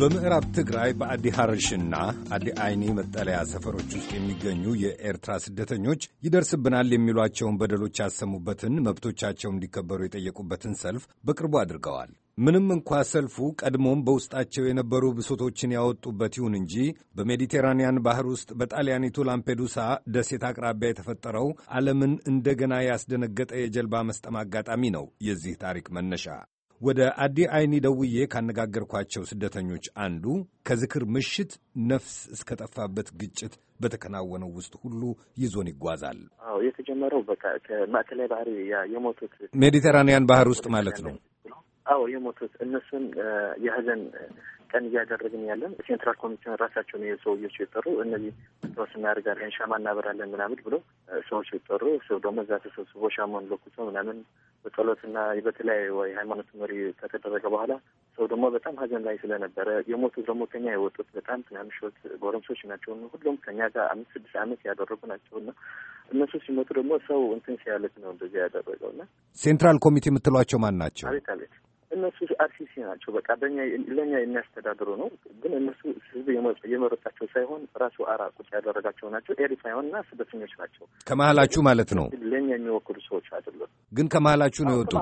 በምዕራብ ትግራይ በአዲ ሐርሽና አዲ አይኒ መጠለያ ሰፈሮች ውስጥ የሚገኙ የኤርትራ ስደተኞች ይደርስብናል የሚሏቸውን በደሎች ያሰሙበትን መብቶቻቸው እንዲከበሩ የጠየቁበትን ሰልፍ በቅርቡ አድርገዋል። ምንም እንኳ ሰልፉ ቀድሞም በውስጣቸው የነበሩ ብሶቶችን ያወጡበት ይሁን እንጂ በሜዲቴራንያን ባህር ውስጥ በጣሊያኒቱ ላምፔዱሳ ደሴት አቅራቢያ የተፈጠረው ዓለምን እንደገና ያስደነገጠ የጀልባ መስጠም አጋጣሚ ነው የዚህ ታሪክ መነሻ። ወደ አዲ አይኒ ደውዬ ካነጋገርኳቸው ስደተኞች አንዱ ከዝክር ምሽት ነፍስ እስከጠፋበት ግጭት በተከናወነው ውስጥ ሁሉ ይዞን ይጓዛል። አዎ የተጀመረው በቃ ከማዕከላዊ ባህር የሞቱት ሜዲተራንያን ባህር ውስጥ ማለት ነው። አዎ የሞቱት እነሱን የሀዘን ቀን እያደረግን ያለን ሴንትራል ኮሚሽን ራሳቸውን ሰውዮች የጠሩ እነዚህ ስ እናደርጋለን ሻማ እናበራለን ምናምን ብሎ ሰዎች የጠሩ ሰው ደግሞ እዛ ተሰብስቦ ሻማን ለኩሶ ምናምን በጸሎትና በተለያዩ የሃይማኖት መሪ ከተደረገ በኋላ ሰው ደግሞ በጣም ሀዘን ላይ ስለነበረ የሞቱት ደግሞ ከኛ የወጡት በጣም ትናንሾች ጎረምሶች ናቸው። ሁሉም ከኛ ጋር አምስት ስድስት ዓመት ያደረጉ ናቸው እና እነሱ ሲሞቱ ደግሞ ሰው እንትን ሲያለት ነው እንደዚያ ያደረገው እና ሴንትራል ኮሚቴ የምትሏቸው ማን ናቸው? አቤት አቤት እነሱ አርሲ ናቸው። በቃ በኛ ለእኛ የሚያስተዳድሩ ነው። ግን እነሱ ህዝብ የመረጣቸው ሳይሆን ራሱ አራ አራቁጭ ያደረጋቸው ናቸው። ኤሪትራውያንና ስደተኞች ናቸው። ከመሀላችሁ ማለት ነው። ለእኛ የሚወክሉ ሰዎች አይደሉም። ግን ከመሀላችሁ ነው የወጡት።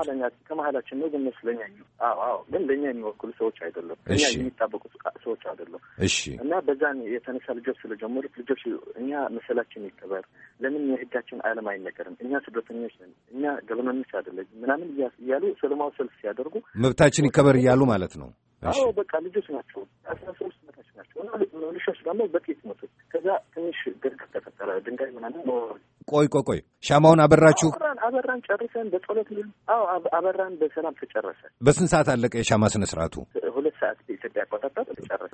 ከመሀላችን ነው። ግን እነሱ ለእኛ አዎ፣ አዎ፣ ግን ለእኛ የሚወክሉ ሰዎች አይደሉም። እኛ የሚጣበቁ ሰዎች አይደሉም። እሺ። እና በዛን የተነሳ ልጆች ስለጀመሩት ልጆች እኛ መሰላችን ይከበር፣ ለምን የህጋችን አለም አይነገርም? እኛ ስደተኞች ነን፣ እኛ ገበመኞች አይደለም ምናምን እያሉ ሰለማዊ ሰልፍ ሲያደርጉ መብታችን ይከበር እያሉ ማለት ነው። አዎ በቃ ልጆች ናቸው። አስራ ሶስት መታች ናቸው እና ልጆች ደግሞ በጤት መቶ ከዛ ትንሽ ድርቅ ተፈጠረ ድንጋይ ምናምን ቆይ ቆይ ቆይ ሻማውን አበራችሁ? አበራን ጨርሰን በጸሎት አዎ፣ አበራን በሰላም ተጨረሰ። በስንት ሰዓት አለቀ የሻማ ስነ ስርዓቱ? ሁለት ሰዓት በኢትዮጵያ አቆጣጠር ተጨረሰ።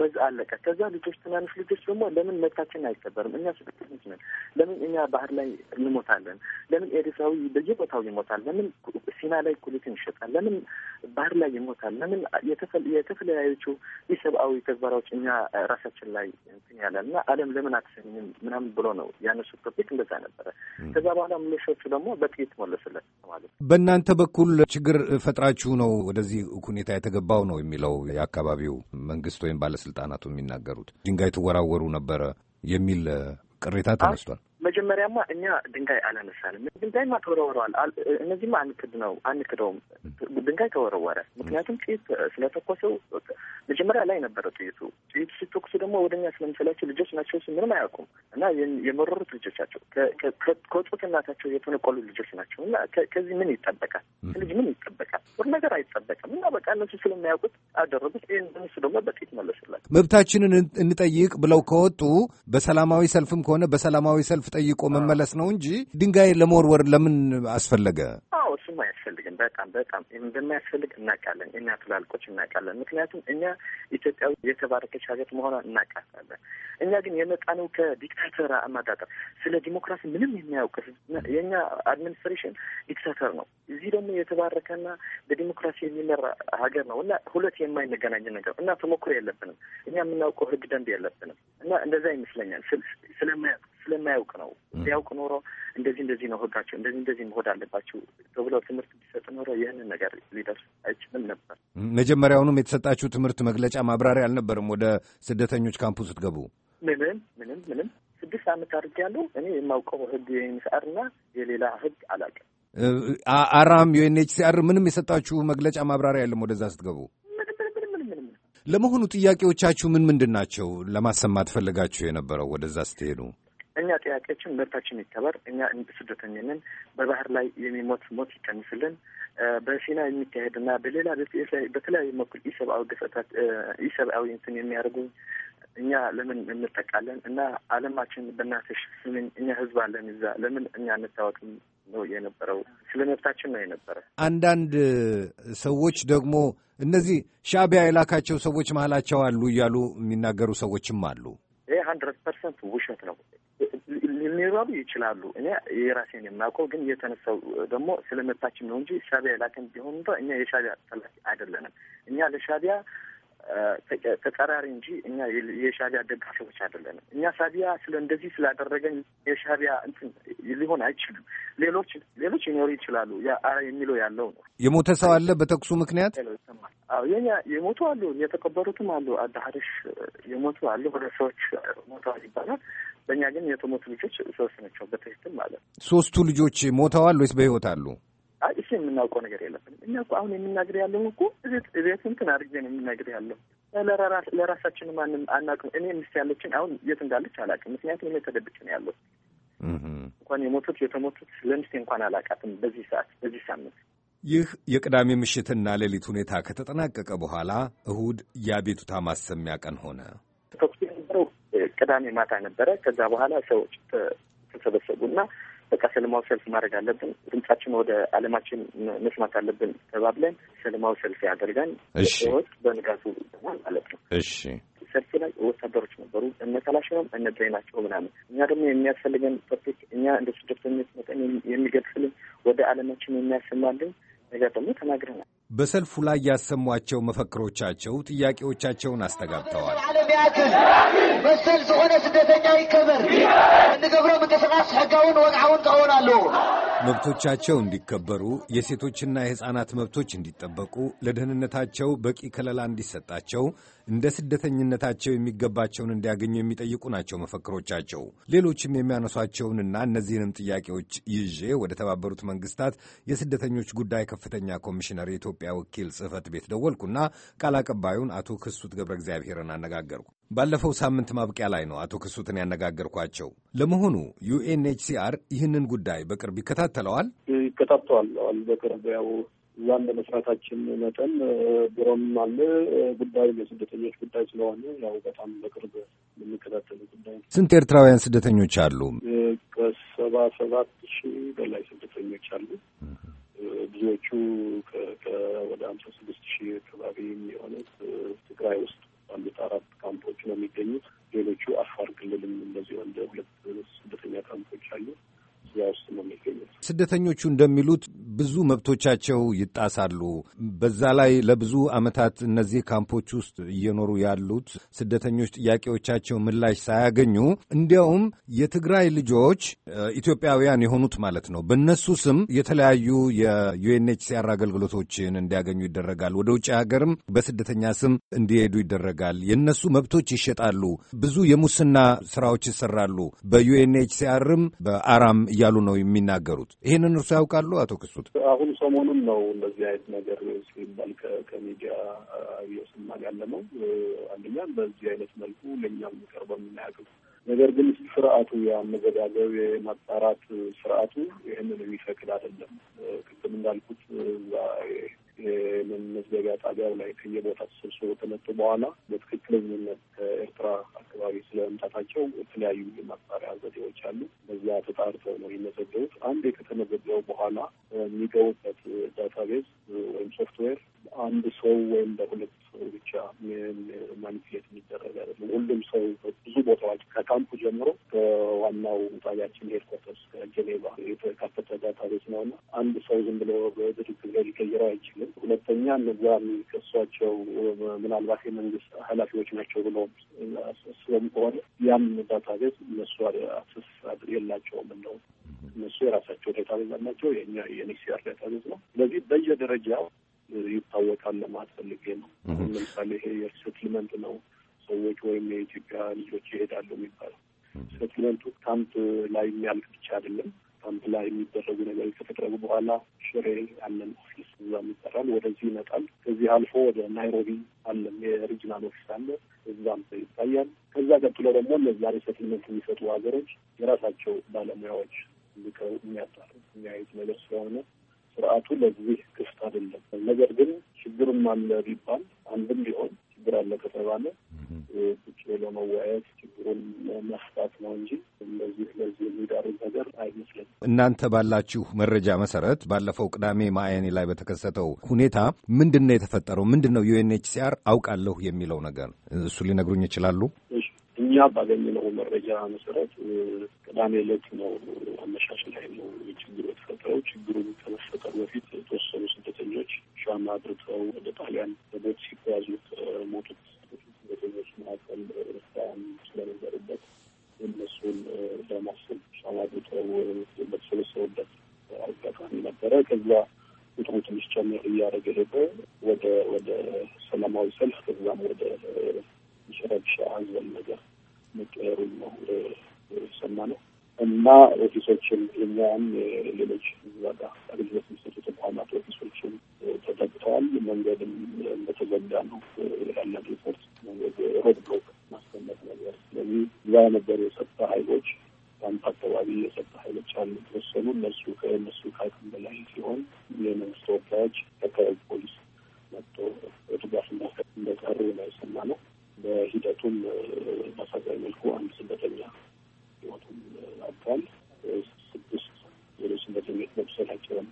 በዛ አለቀ። ከዛ ልጆች፣ ትናንሽ ልጆች ደግሞ ለምን መብታችን አይከበርም? እኛ ስደተኞች ነን። ለምን እኛ ባህር ላይ እንሞታለን? ለምን ኤርትራዊ በየቦታው ይሞታል? ለምን ሲና ላይ ኩሊትን ይሸጣል? ለምን ባህር ላይ ይሞታል? ለምን የተለያዩ የሰብአዊ ተግባራዎች እኛ ራሳችን ላይ እንትን ያለን እና አለም ለምን አትሰኝም ምናምን ብሎ ነው ያነሱት ቶፒክ እንደ እንደዛ ነበረ። ከዛ በኋላ ምሌሾቹ ደግሞ በጥይት መለሱለት ማለት ነው። በእናንተ በኩል ችግር ፈጥራችሁ ነው ወደዚህ ሁኔታ የተገባው ነው የሚለው የአካባቢው መንግስት ወይም ባለስልጣናቱ የሚናገሩት ድንጋይ ትወራወሩ ነበረ የሚል ቅሬታ ተነስቷል። መጀመሪያማ እኛ ድንጋይ አላነሳንም። ድንጋይማ ተወረወረዋል። እነዚህማ አንክድ ነው አንክደውም። ድንጋይ ተወረወረ። ምክንያቱም ጥይት ስለተኮሰው መጀመሪያ ላይ ነበረ ጥይቱ። ጥይቱ ሲተኩሱ ደግሞ ወደኛ ስለምስላቸው ልጆች ናቸው፣ ምንም አያውቁም እና የመረሩት ልጆቻቸው ከጡት እናታቸው የተነቆሉ ልጆች ናቸው እና ከዚህ ምን ይጠበቃል? ከልጅ ምን ይጠበቃል? ሁሉ ነገር አይጠበቅም። እና በቃ እነሱ ስለሚያውቁት አደረጉት። ይህን እነሱ ደግሞ በጥይት መለሱላቸው። መብታችንን እንጠይቅ ብለው ከወጡ በሰላማዊ ሰልፍም ከሆነ በሰላማዊ ሰልፍ ጠይቆ መመለስ ነው እንጂ ድንጋይ ለመወርወር ለምን አስፈለገ? አዎ እሱም አያስፈልግም። በጣም በጣም እንደማያስፈልግ እናውቃለን። እኛ ትላልቆች እናውቃለን። ምክንያቱም እኛ ኢትዮጵያዊ የተባረከች ሀገር መሆኗ እናውቃለን። እኛ ግን የመጣነው ከዲክታተር አመጣጠር ስለ ዲሞክራሲ ምንም የሚያውቅ የእኛ አድሚኒስትሬሽን ዲክታተር ነው። እዚህ ደግሞ የተባረከና በዲሞክራሲ የሚመራ ሀገር ነው እና ሁለት የማይመገናኝ ነገር እና ተሞክሮ የለብንም። እኛ የምናውቀው ህግ ደንብ የለብንም እና እንደዛ ይመስለኛል ስለማያውቅ ስለማያውቅ ነው። ቢያውቅ ኖሮ እንደዚህ እንደዚህ ነው ህጋቸው፣ እንደዚህ እንደዚህ መሆድ አለባቸው ተብለው ትምህርት ቢሰጥ ኖሮ ይህንን ነገር ሊደርስ አይችልም ነበር። መጀመሪያውኑም የተሰጣችሁ ትምህርት መግለጫ ማብራሪያ አልነበርም ወደ ስደተኞች ካምፑ ስትገቡ? ምንም ምንም ምንም። ስድስት ዓመት ያለው እኔ የማውቀው ህግ የኤንኤችሲአርና የሌላ ህግ አላውቅም። አራም የኤንኤችሲአር ምንም የሰጣችሁ መግለጫ ማብራሪያ የለም ወደዛ ስትገቡ? ለመሆኑ ጥያቄዎቻችሁ ምን ምንድን ናቸው? ለማሰማት ፈልጋችሁ የነበረው ወደዛ ስትሄዱ? እኛ ጥያቄያችን መብታችን ይከበር፣ እኛ ስደተኝንን በባህር ላይ የሚሞት ሞት ይቀንስልን፣ በሲና የሚካሄድና በሌላ በተለያዩ በኩል ኢሰብአዊ ገፈታት ኢሰብአዊ እንትን የሚያደርጉ እኛ ለምን እንጠቃለን? እና አለማችን በእናትሽ ስምኝ እኛ ህዝብ አለን እዛ ለምን እኛ እንታወቅም? ነው የነበረው ስለ መብታችን ነው የነበረ። አንዳንድ ሰዎች ደግሞ እነዚህ ሻቢያ የላካቸው ሰዎች መሀላቸው አሉ እያሉ የሚናገሩ ሰዎችም አሉ። ይህ ሀንድረድ ፐርሰንት ውሸት ነው። ሊራቡ ይችላሉ። እኔ የራሴን የምናውቀው ግን የተነሳው ደግሞ ስለመታችን ነው እንጂ ሻቢያ የላከን ቢሆን እንደ እኛ የሻቢያ ጠላት አይደለንም። እኛ ለሻቢያ ተቀራሪ እንጂ እኛ የሻቢያ ደጋፊዎች አይደለንም። እኛ ሻቢያ ስለ እንደዚህ ስላደረገን የሻቢያ እንትን ሊሆን አይችልም። ሌሎች ሌሎች ይኖሩ ይችላሉ የሚለው ያለው ነው። የሞተ ሰው አለ በተኩሱ ምክንያት የኛ የሞቱ አሉ፣ የተቀበሩትም አሉ። አዳሀደሽ የሞቱ አሉ፣ ሁለት ሰዎች ሞተዋል ይባላል። በእኛ ግን የተሞቱ ልጆች ሶስት ናቸው በትክክል ማለት ነው። ሶስቱ ልጆች ሞተዋል ወይስ በህይወት አሉ? እሺ የምናውቀው ነገር የለብንም። እኛ እኮ አሁን የምናግር ያለው እኮ ቤት እንትን አድርጌ ነው የምናግር ያለው ለራሳችን ማንም አናውቅም። እኔ ምስ ያለችን አሁን የት እንዳለች አላውቅም። ምክንያቱም እኔ ተደብቄ ነው ያለው። እንኳን የሞቱት የተሞቱት ለሚስቴ እንኳን አላውቃትም። በዚህ ሰዓት በዚህ ሳምንት ይህ የቅዳሜ ምሽትና ሌሊት ሁኔታ ከተጠናቀቀ በኋላ እሁድ የአቤቱታ ማሰሚያ ቀን ሆነ። ቅዳሜ ማታ ነበረ። ከዛ በኋላ ሰዎች እና በቃ ሰለማዊ ሰልፍ ማድረግ አለብን፣ ድምጻችን ወደ አለማችን መስማት አለብን ተባብለን ሰለማዊ ሰልፍ ያደርጋን ሰዎች በንጋቱ ማለት ነው። እሺ ሰልፍ ላይ ወታደሮች ነበሩ፣ እነ ካላሽኖም እነ ምናምን። እኛ ደግሞ የሚያስፈልገን ፐርፌክት እኛ እንደ ስደተኞች መጠን የሚገልጽልን ወደ አለማችን የሚያሰማልን ነገር ደግሞ ተናግረናል። በሰልፉ ላይ ያሰሟቸው መፈክሮቻቸው ጥያቄዎቻቸውን አስተጋብተዋል። ስርዓትን መሰል ዝኾነ ስደተኛ ይከበር እንግብሮ ምንቅስቓስ ሕጋውን ወግዓውን ክኸውን ኣለዎ መብቶቻቸው እንዲከበሩ፣ የሴቶችና የሕፃናት መብቶች እንዲጠበቁ፣ ለደህንነታቸው በቂ ከለላ እንዲሰጣቸው፣ እንደ ስደተኝነታቸው የሚገባቸውን እንዲያገኙ የሚጠይቁ ናቸው መፈክሮቻቸው። ሌሎችም የሚያነሷቸውንና እነዚህንም ጥያቄዎች ይዤ ወደ ተባበሩት መንግስታት የስደተኞች ጉዳይ ከፍተኛ ኮሚሽነር የኢትዮጵያ ወኪል ጽሕፈት ቤት ደወልኩና ቃል አቀባዩን አቶ ክሱት ገብረ እግዚአብሔርን አነጋገርኩ። ባለፈው ሳምንት ማብቂያ ላይ ነው አቶ ክሱትን ያነጋገርኳቸው። ለመሆኑ ዩኤንኤችሲአር ይህንን ጉዳይ በቅርብ ይከታተለዋል? ይከታተዋል። በቅርብ ያው እዛም በመስራታችን መጠን ቢሮም አለ ጉዳዩ የስደተኞች ጉዳይ ስለሆነ ያው በጣም በቅርብ የሚከታተሉ ጉዳይ ነው። ስንት ኤርትራውያን ስደተኞች አሉ? ከሰባ ሰባት ሺህ በላይ ስደተኞች አሉ። ብዙዎቹ ወደ ሀምሳ ስድስት ሺህ አካባቢ የሚሆኑት ትግራይ ውስጥ አንድ አራት ካምፖች ነው የሚገኙት። ሌሎቹ አፋር ክልልም እንደዚሁ እንደ ሁለት ስደተኛ ካምፖች አሉ። እዚያ ውስጥ ነው የሚገኙት። ስደተኞቹ እንደሚሉት ብዙ መብቶቻቸው ይጣሳሉ። በዛ ላይ ለብዙ ዓመታት እነዚህ ካምፖች ውስጥ እየኖሩ ያሉት ስደተኞች ጥያቄዎቻቸው ምላሽ ሳያገኙ እንዲያውም የትግራይ ልጆች ኢትዮጵያውያን የሆኑት ማለት ነው በእነሱ ስም የተለያዩ የዩኤንኤችሲአር አገልግሎቶችን እንዲያገኙ ይደረጋል። ወደ ውጭ ሀገርም በስደተኛ ስም እንዲሄዱ ይደረጋል። የእነሱ መብቶች ይሸጣሉ። ብዙ የሙስና ስራዎች ይሰራሉ። በዩኤንኤችሲአርም በአራም እያሉ ነው የሚናገሩት። ይህንን እርሱ ያውቃሉ አቶ ክሱት? አሁን ሰሞኑን ነው እንደዚህ አይነት ነገር ሲባል ከሚዲያ እየሰማን ያለ ነው። አንደኛ በዚህ አይነት መልኩ ለእኛም የሚቀርበው የምናያቅም ነገር ግን ስርዓቱ የአመዘጋገብ የማጣራት ስርዓቱ ይህንን የሚፈቅድ አይደለም። ቅድም እንዳልኩት መመዝገቢያ ጣቢያው ላይ ከየቦታ ተሰብስበው ከመጡ በኋላ በትክክለኝነት ከኤርትራ አካባቢ ስለመምጣታቸው የተለያዩ የማጣሪያ ዘዴዎች አሉ። በዚያ ተጣርተው ነው የሚመዘገቡት። አንዴ ከተመዘገበው በኋላ የሚገቡበት ዳታቤዝ ወይም ሶፍትዌር አንድ ሰው ወይም ለሁለት ብቻ ማኒፕሌት የሚደረግ አይደለም። ሁሉም ሰው ብዙ ቦታዎች ከካምፑ ጀምሮ በዋናው ጣቢያችን ሄድኳርተርስ ከጀኔቫ የተካፈተ ዳታ ቤት ነው እና አንድ ሰው ዝም ብሎ በድርግ ላይ ሊቀይረው አይችልም። ሁለተኛ እነዛ የሚከሷቸው ምናልባት የመንግስት ኃላፊዎች ናቸው ብሎ አስበም ከሆነ ያም ዳታ ቤት እነሱ አክሰስ የላቸውም ነው እነሱ የራሳቸው ዳታ ቤዝ አላቸው። የእኛ የኔክሲያር ዳታ ቤዝ ነው። ስለዚህ በየደረጃው ይታወቃል ለማለት ፈልጌ ነው። አሁን ለምሳሌ ይሄ የሴትልመንት ነው ሰዎች ወይም የኢትዮጵያ ልጆች ይሄዳሉ የሚባለው ሴትልመንቱ ካምፕ ላይ የሚያልቅ ብቻ አይደለም። ካምፕ ላይ የሚደረጉ ነገር ከተደረጉ በኋላ ሽሬ አለን ኦፊስ፣ እዛም ይጠራል፣ ወደዚህ ይመጣል። ከዚህ አልፎ ወደ ናይሮቢ አለም የሪጅናል ኦፊስ አለ፣ እዛም ይታያል። ከዛ ቀጥሎ ደግሞ እነዛ ሴትልመንት የሚሰጡ ሀገሮች የራሳቸው ባለሙያዎች ልከው የሚያጣሩ የሚያዩት ነገር ስለሆነ ስርዓቱ ለዚህ ክፍት አይደለም። ነገር ግን ችግርም አለ ቢባል አንድም ቢሆን ችግር አለ ከተባለ ቁጭ ብሎ መወያየት ችግሩን መፍታት ነው እንጂ እንደዚህ ለዚህ የሚዳርግ ነገር አይመስለኝም። እናንተ ባላችሁ መረጃ መሰረት ባለፈው ቅዳሜ ማያኔ ላይ በተከሰተው ሁኔታ ምንድን ነው የተፈጠረው? ምንድን ነው ዩኤንኤችሲአር አውቃለሁ የሚለው ነገር እሱ ሊነግሩኝ ይችላሉ? እኛ ባገኘነው መረጃ መሰረት ቅዳሜ ዕለት ነው አመሻሽ ላይ ነው ችግሩ የተፈጠረው። ችግሩ ከመፈጠሩ በፊት የተወሰኑ ስደተኞች ሻማ አድርገው ወደ ጣሊያን በቦት ሲጓዙ ከሞቱት ስደተኞች መካከል ኤርትራውያን ስለነበሩበት እነሱን ለማሰብ ሻማ አድርገው በተሰበሰቡበት አጋጣሚ ነበረ። ከዚያ ቁጥሩ ትንሽ ጨምር እያደረገ ሄደ ወደ ወደ ሰላማዊ ሰልፍ ከዛም ወደ ሸረብሻ ነገር መቀየሩን ነው የሰማ ነው እና ኦፊሶችን የኛም ሌሎች ዋጋ አገልግሎት የሚሰጡ ተቋማት ኦፊሶችን ተዘግተዋል። መንገድም እንደተዘጋ ነው ያለ ሪፖርት። መንገድ ሮድ ብሎክ ማስቀመጥ ነገር። ስለዚህ እዛ የነበሩ የጸጥታ ኃይሎች በአንድ አካባቢ የጸጥታ ኃይሎች አሉ የተወሰኑ እነሱ ከእነሱ ከአቅም በላይ ሲሆን የመንግስት ተወካዮች ከአካባቢ ፖሊስ መጥቶ ድጋፍ እንደቀሩ ነው የሰማ ነው። በሂደቱም በአሳዛኝ መልኩ አንድ ስደተኛ ህይወቱም አጥቷል። ስድስት ሌሎች ስደተኞች መቁሰላቸውን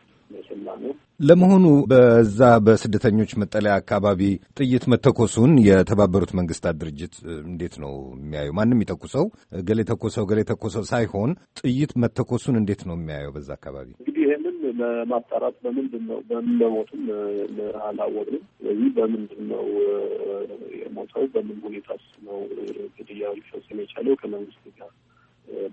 ነው። ለመሆኑ በዛ በስደተኞች መጠለያ አካባቢ ጥይት መተኮሱን የተባበሩት መንግስታት ድርጅት እንዴት ነው የሚያየው? ማንም ይተኩሰው፣ ገሌ ተኮሰው፣ ገሌ ተኮሰው ሳይሆን ጥይት መተኮሱን እንዴት ነው የሚያየው በዛ አካባቢ? ለማጣራት በምንድን ነው በምን ለሞቱም አላወቅንም። ስለዚህ በምንድን ነው የሞተው በምን ሁኔታ ነው ግድያ ሊፈጽም የቻለው ከመንግስት ጋር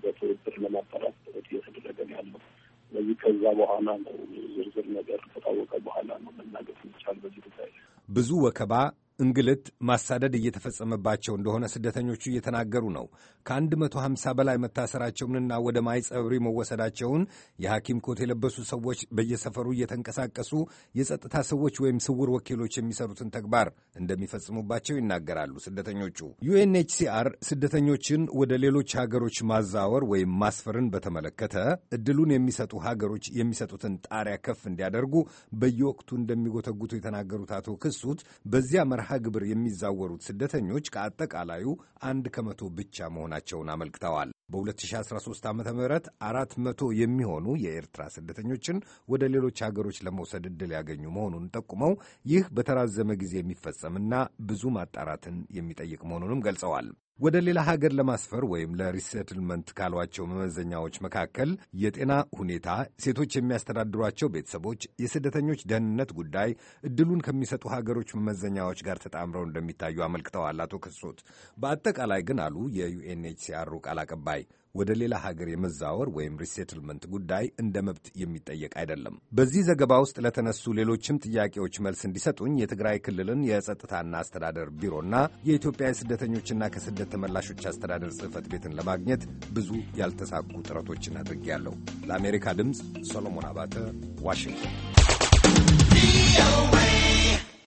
በትብብር ለማጣራት ጥረት እየተደረገ ነው ያለው። ስለዚህ ከዛ በኋላ ነው ዝርዝር ነገር ከታወቀ በኋላ ነው መናገር ይቻል በዚህ ጉዳይ ብዙ ወከባ እንግልት፣ ማሳደድ እየተፈጸመባቸው እንደሆነ ስደተኞቹ እየተናገሩ ነው። ከ150 በላይ መታሰራቸውንና ወደ ማይጸብሪ መወሰዳቸውን የሐኪም ኮት የለበሱ ሰዎች በየሰፈሩ እየተንቀሳቀሱ የጸጥታ ሰዎች ወይም ስውር ወኪሎች የሚሰሩትን ተግባር እንደሚፈጽሙባቸው ይናገራሉ። ስደተኞቹ ዩኤንኤችሲአር ስደተኞችን ወደ ሌሎች ሀገሮች ማዛወር ወይም ማስፈርን በተመለከተ እድሉን የሚሰጡ ሀገሮች የሚሰጡትን ጣሪያ ከፍ እንዲያደርጉ በየወቅቱ እንደሚጎተጉቱ የተናገሩት አቶ ክሱት በዚያ መርሃ ከመርሃ ግብር የሚዛወሩት ስደተኞች ከአጠቃላዩ አንድ ከመቶ ብቻ መሆናቸውን አመልክተዋል። በ2013 ዓ ም አራት መቶ የሚሆኑ የኤርትራ ስደተኞችን ወደ ሌሎች ሀገሮች ለመውሰድ ዕድል ያገኙ መሆኑን ጠቁመው ይህ በተራዘመ ጊዜ የሚፈጸምና ብዙ ማጣራትን የሚጠይቅ መሆኑንም ገልጸዋል። ወደ ሌላ ሀገር ለማስፈር ወይም ለሪሴትልመንት ካሏቸው መመዘኛዎች መካከል የጤና ሁኔታ፣ ሴቶች የሚያስተዳድሯቸው ቤተሰቦች፣ የስደተኞች ደህንነት ጉዳይ እድሉን ከሚሰጡ ሀገሮች መመዘኛዎች ጋር ተጣምረው እንደሚታዩ አመልክተዋል አቶ ክሶት። በአጠቃላይ ግን አሉ የዩኤንኤችሲአሩ ቃል አቀባይ ወደ ሌላ ሀገር የመዛወር ወይም ሪሴትልመንት ጉዳይ እንደ መብት የሚጠየቅ አይደለም። በዚህ ዘገባ ውስጥ ለተነሱ ሌሎችም ጥያቄዎች መልስ እንዲሰጡኝ የትግራይ ክልልን የጸጥታና አስተዳደር ቢሮና የኢትዮጵያ የስደተኞችና ከስደት የተመላሾች አስተዳደር ጽህፈት ቤትን ለማግኘት ብዙ ያልተሳኩ ጥረቶችን አድርጌያለሁ። ለአሜሪካ ድምፅ ሰሎሞን አባተ ዋሽንግተን